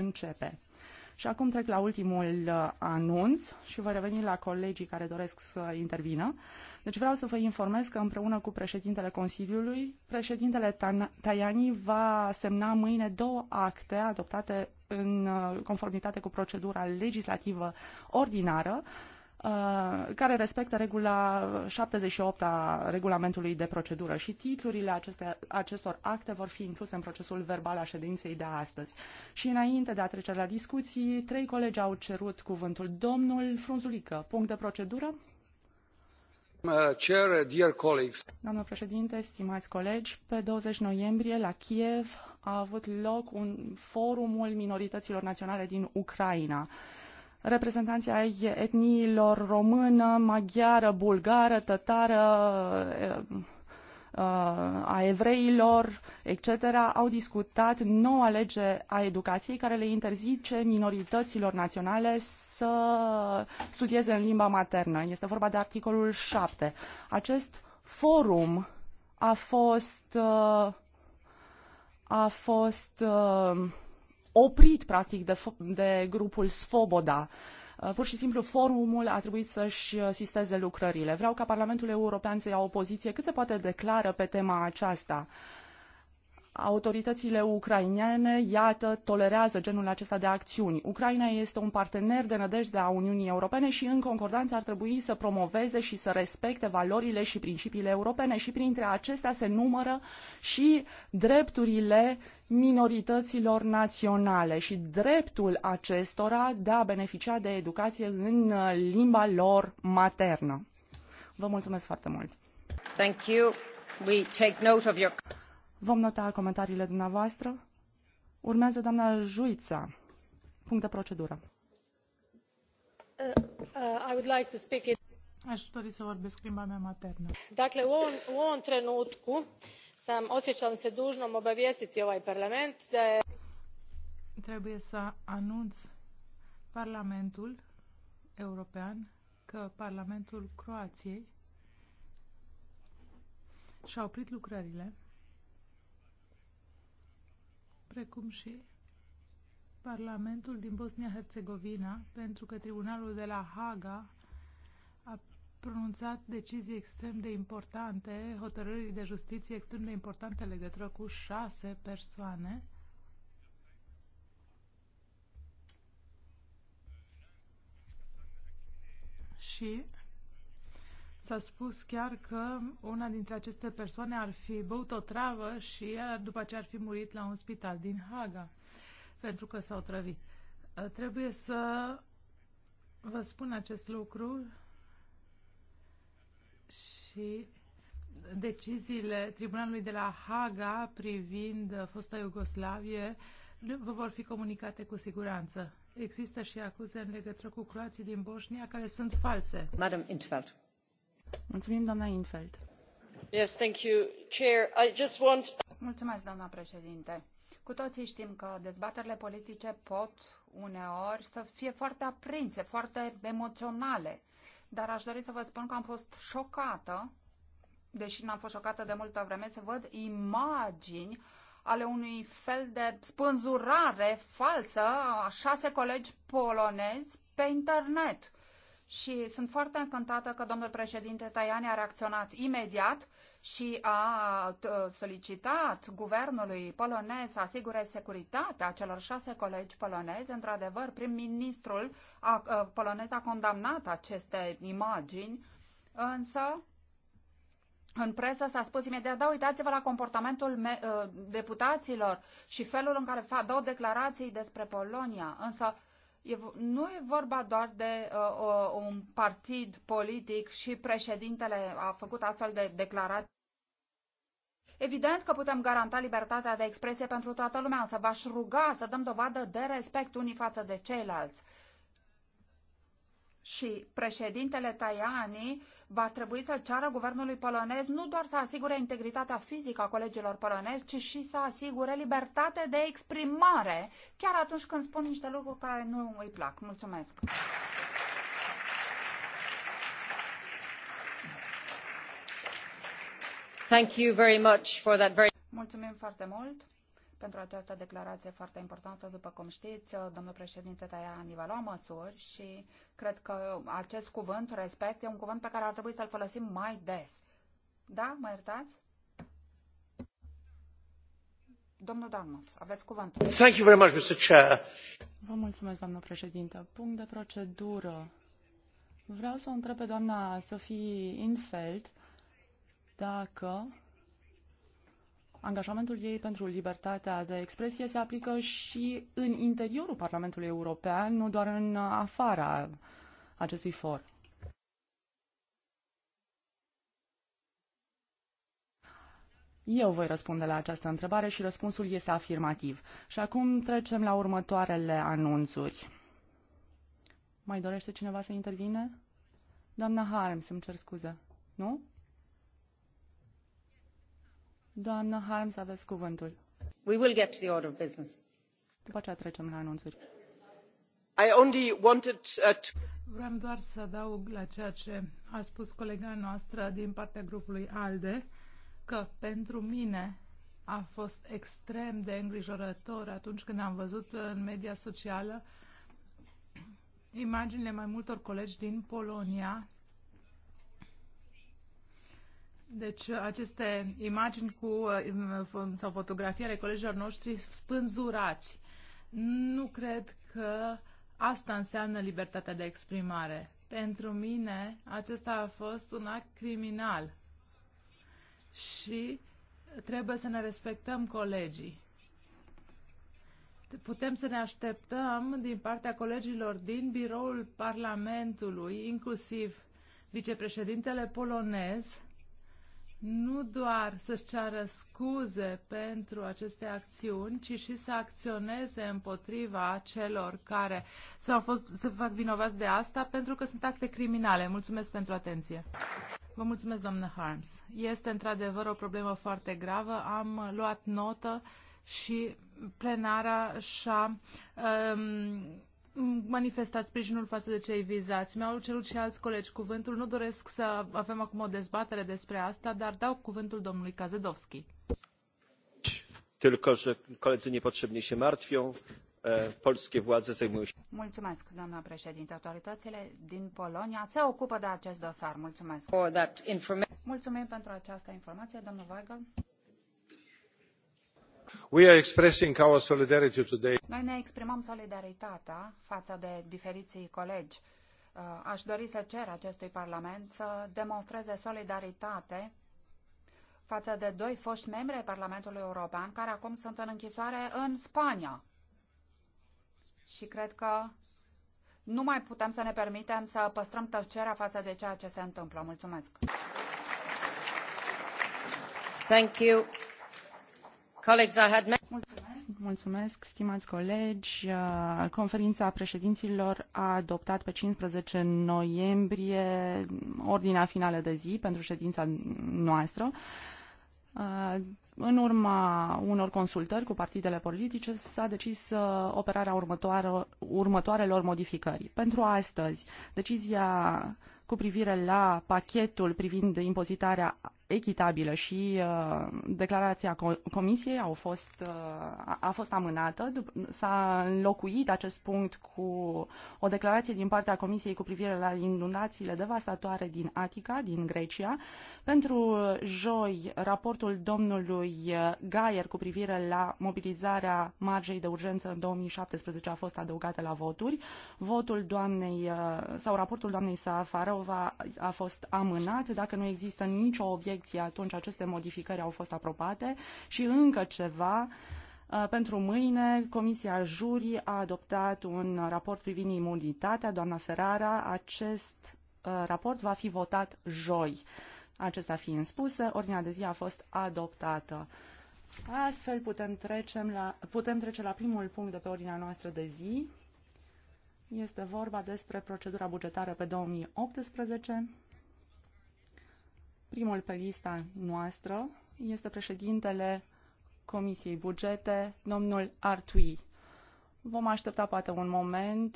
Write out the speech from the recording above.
începe. Și acum trec la ultimul uh, anunț și voi reveni la colegii care doresc să intervină. Deci vreau să vă informez că împreună cu președintele Consiliului, președintele Tajani va semna mâine două acte adoptate în uh, conformitate cu procedura legislativă ordinară, Uh, care respectă regula 78 a regulamentului de procedură și titlurile aceste, acestor acte vor fi incluse în procesul verbal a ședinței de astăzi. Și înainte de a trece la discuții, trei colegi au cerut cuvântul. Domnul Frunzulică, punct de procedură? Cer, dear colleagues. Doamnă președinte, stimați colegi, pe 20 noiembrie la Kiev a avut loc un forumul minorităților naționale din Ucraina reprezentanții ai etniilor română, maghiară, bulgară, tătară, a evreilor, etc., au discutat noua lege a educației care le interzice minorităților naționale să studieze în limba maternă. Este vorba de articolul 7. Acest forum a fost a fost oprit practic de, de grupul Svoboda. Uh, pur și simplu forumul a trebuit să-și uh, sisteze lucrările. Vreau ca Parlamentul European să ia o poziție cât se poate declară pe tema aceasta. Autoritățile ucrainene, iată, tolerează genul acesta de acțiuni. Ucraina este un partener de nădejde a Uniunii Europene și în concordanță ar trebui să promoveze și să respecte valorile și principiile europene și printre acestea se numără și drepturile minorităților naționale și dreptul acestora de a beneficia de educație în uh, limba lor maternă. Vă mulțumesc foarte mult! Thank you. We take note of your... Vom nota comentariile dumneavoastră. Urmează doamna Juița. Punct de procedură. Uh, uh, I would like to speak it. Aș dori să vorbesc limba mea maternă. Dacă o, o întrenut cu... trenutku osjećam se dužnom obavijestiti ovaj parlament da je trebuie să anunț Parlamentul European că Parlamentul Croației și-a oprit lucrările, precum și Parlamentul din Bosnia-Herzegovina, pentru că Tribunalul de la Haga pronunțat decizii extrem de importante, hotărâri de justiție extrem de importante legătură cu șase persoane. Și s-a spus chiar că una dintre aceste persoane ar fi băut o travă și după ce ar fi murit la un spital din Haga, pentru că s-au trăvit. Trebuie să vă spun acest lucru și deciziile Tribunalului de la Haga privind fosta Iugoslavie vă vor fi comunicate cu siguranță. Există și acuze în legătură cu croații din Bosnia care sunt false. Madam Infeld. Mulțumim, doamna Infeld. Yes, thank you, Chair. I just want... Mulțumesc, doamna președinte. Cu toții știm că dezbaterile politice pot uneori să fie foarte aprinse, foarte emoționale dar aș dori să vă spun că am fost șocată, deși n-am fost șocată de multă vreme, să văd imagini ale unui fel de spânzurare falsă a șase colegi polonezi pe internet. Și sunt foarte încântată că domnul președinte Tajani a reacționat imediat și a uh, solicitat guvernului polonez să asigure securitatea celor șase colegi polonezi. Într-adevăr, prim-ministrul uh, polonez a condamnat aceste imagini, însă în presă s-a spus imediat, da, uitați-vă la comportamentul me- uh, deputaților și felul în care fac, dau declarații despre Polonia. Însă e, nu e vorba doar de uh, un partid politic și președintele a făcut astfel de declarații. Evident că putem garanta libertatea de expresie pentru toată lumea, însă v-aș ruga să dăm dovadă de respect unii față de ceilalți și președintele Tajani va trebui să ceară guvernului polonez nu doar să asigure integritatea fizică a colegilor polonezi, ci și să asigure libertate de exprimare, chiar atunci când spun niște lucruri care nu îi plac. Mulțumesc! Thank you very much for that very... Mulțumim foarte mult! pentru această declarație foarte importantă. După cum știți, domnul președinte Tajani va lua măsuri și cred că acest cuvânt, respect, e un cuvânt pe care ar trebui să-l folosim mai des. Da? Mă iertați? Domnul Darmus, aveți cuvântul. Thank you very much, Mr. Chair. Vă mulțumesc, doamnă președintă. Punct de procedură. Vreau să o întreb pe doamna Sophie Infeld dacă angajamentul ei pentru libertatea de expresie se aplică și în interiorul Parlamentului European, nu doar în afara acestui for. Eu voi răspunde la această întrebare și răspunsul este afirmativ. Și acum trecem la următoarele anunțuri. Mai dorește cineva să intervine? Doamna Harms, îmi cer scuze. Nu? Doamnă Harms, aveți cuvântul. We will get to the order of business. După aceea trecem la anunțuri. I only wanted uh, to... Vreau doar să adaug la ceea ce a spus colega noastră din partea grupului ALDE, că pentru mine a fost extrem de îngrijorător atunci când am văzut în media socială imaginile mai multor colegi din Polonia deci uh, aceste imagini cu, uh, uh, sau fotografii ale colegilor noștri spânzurați. Nu cred că asta înseamnă libertatea de exprimare. Pentru mine acesta a fost un act criminal și trebuie să ne respectăm colegii. Putem să ne așteptăm din partea colegilor din biroul Parlamentului, inclusiv vicepreședintele polonez, nu doar să-și ceară scuze pentru aceste acțiuni, ci și să acționeze împotriva celor care s-au fost, se fac vinovați de asta pentru că sunt acte criminale. Mulțumesc pentru atenție. Vă mulțumesc, doamnă Harms. Este într-adevăr o problemă foarte gravă. Am luat notă și plenara și-a um, manifestat sprijinul față de cei vizați. Mi-au cerut și alți colegi cuvântul. Nu doresc să avem acum o dezbatere despre asta, dar dau cuvântul domnului Kazedowski. Tylko, że koledzy niepotrzebnie się martwią. Polskie władze zajmują się. Mulțumesc, doamna președinte. Autoritățile din Polonia se ocupă de acest dosar. Mulțumesc. Mulțumim pentru această informație, domnul Weigel. Noi ne exprimăm solidaritatea față de diferiții colegi. Uh, aș dori să cer acestui Parlament să demonstreze solidaritate față de doi foști membri ai Parlamentului European care acum sunt în închisoare în Spania. Și cred că nu mai putem să ne permitem să păstrăm tăcerea față de ceea ce se întâmplă. Mulțumesc! Thank you. Mulțumesc, mulțumesc, stimați colegi. Uh, conferința președinților a adoptat pe 15 noiembrie ordinea finală de zi pentru ședința noastră. Uh, în urma unor consultări cu partidele politice s-a decis uh, operarea următoarelor modificări. Pentru astăzi, decizia cu privire la pachetul privind impozitarea echitabilă și uh, declarația Comisiei au fost, uh, a fost amânată. S-a înlocuit acest punct cu o declarație din partea Comisiei cu privire la inundațiile devastatoare din Atica, din Grecia. Pentru joi, raportul domnului Gaier cu privire la mobilizarea margei de urgență în 2017 a fost adăugată la voturi. Votul doamnei uh, sau raportul doamnei Safarova a fost amânat. Dacă nu există nicio obiect direcție, atunci aceste modificări au fost aprobate și încă ceva, uh, pentru mâine, Comisia Jurii a adoptat un raport privind imunitatea, doamna Ferrara. Acest uh, raport va fi votat joi. Acesta fiind spusă, ordinea de zi a fost adoptată. Astfel putem, trecem la, putem trece la primul punct de pe ordinea noastră de zi. Este vorba despre procedura bugetară pe 2018. Primul pe lista noastră este președintele Comisiei Bugete, domnul Artui. Vom aștepta poate un moment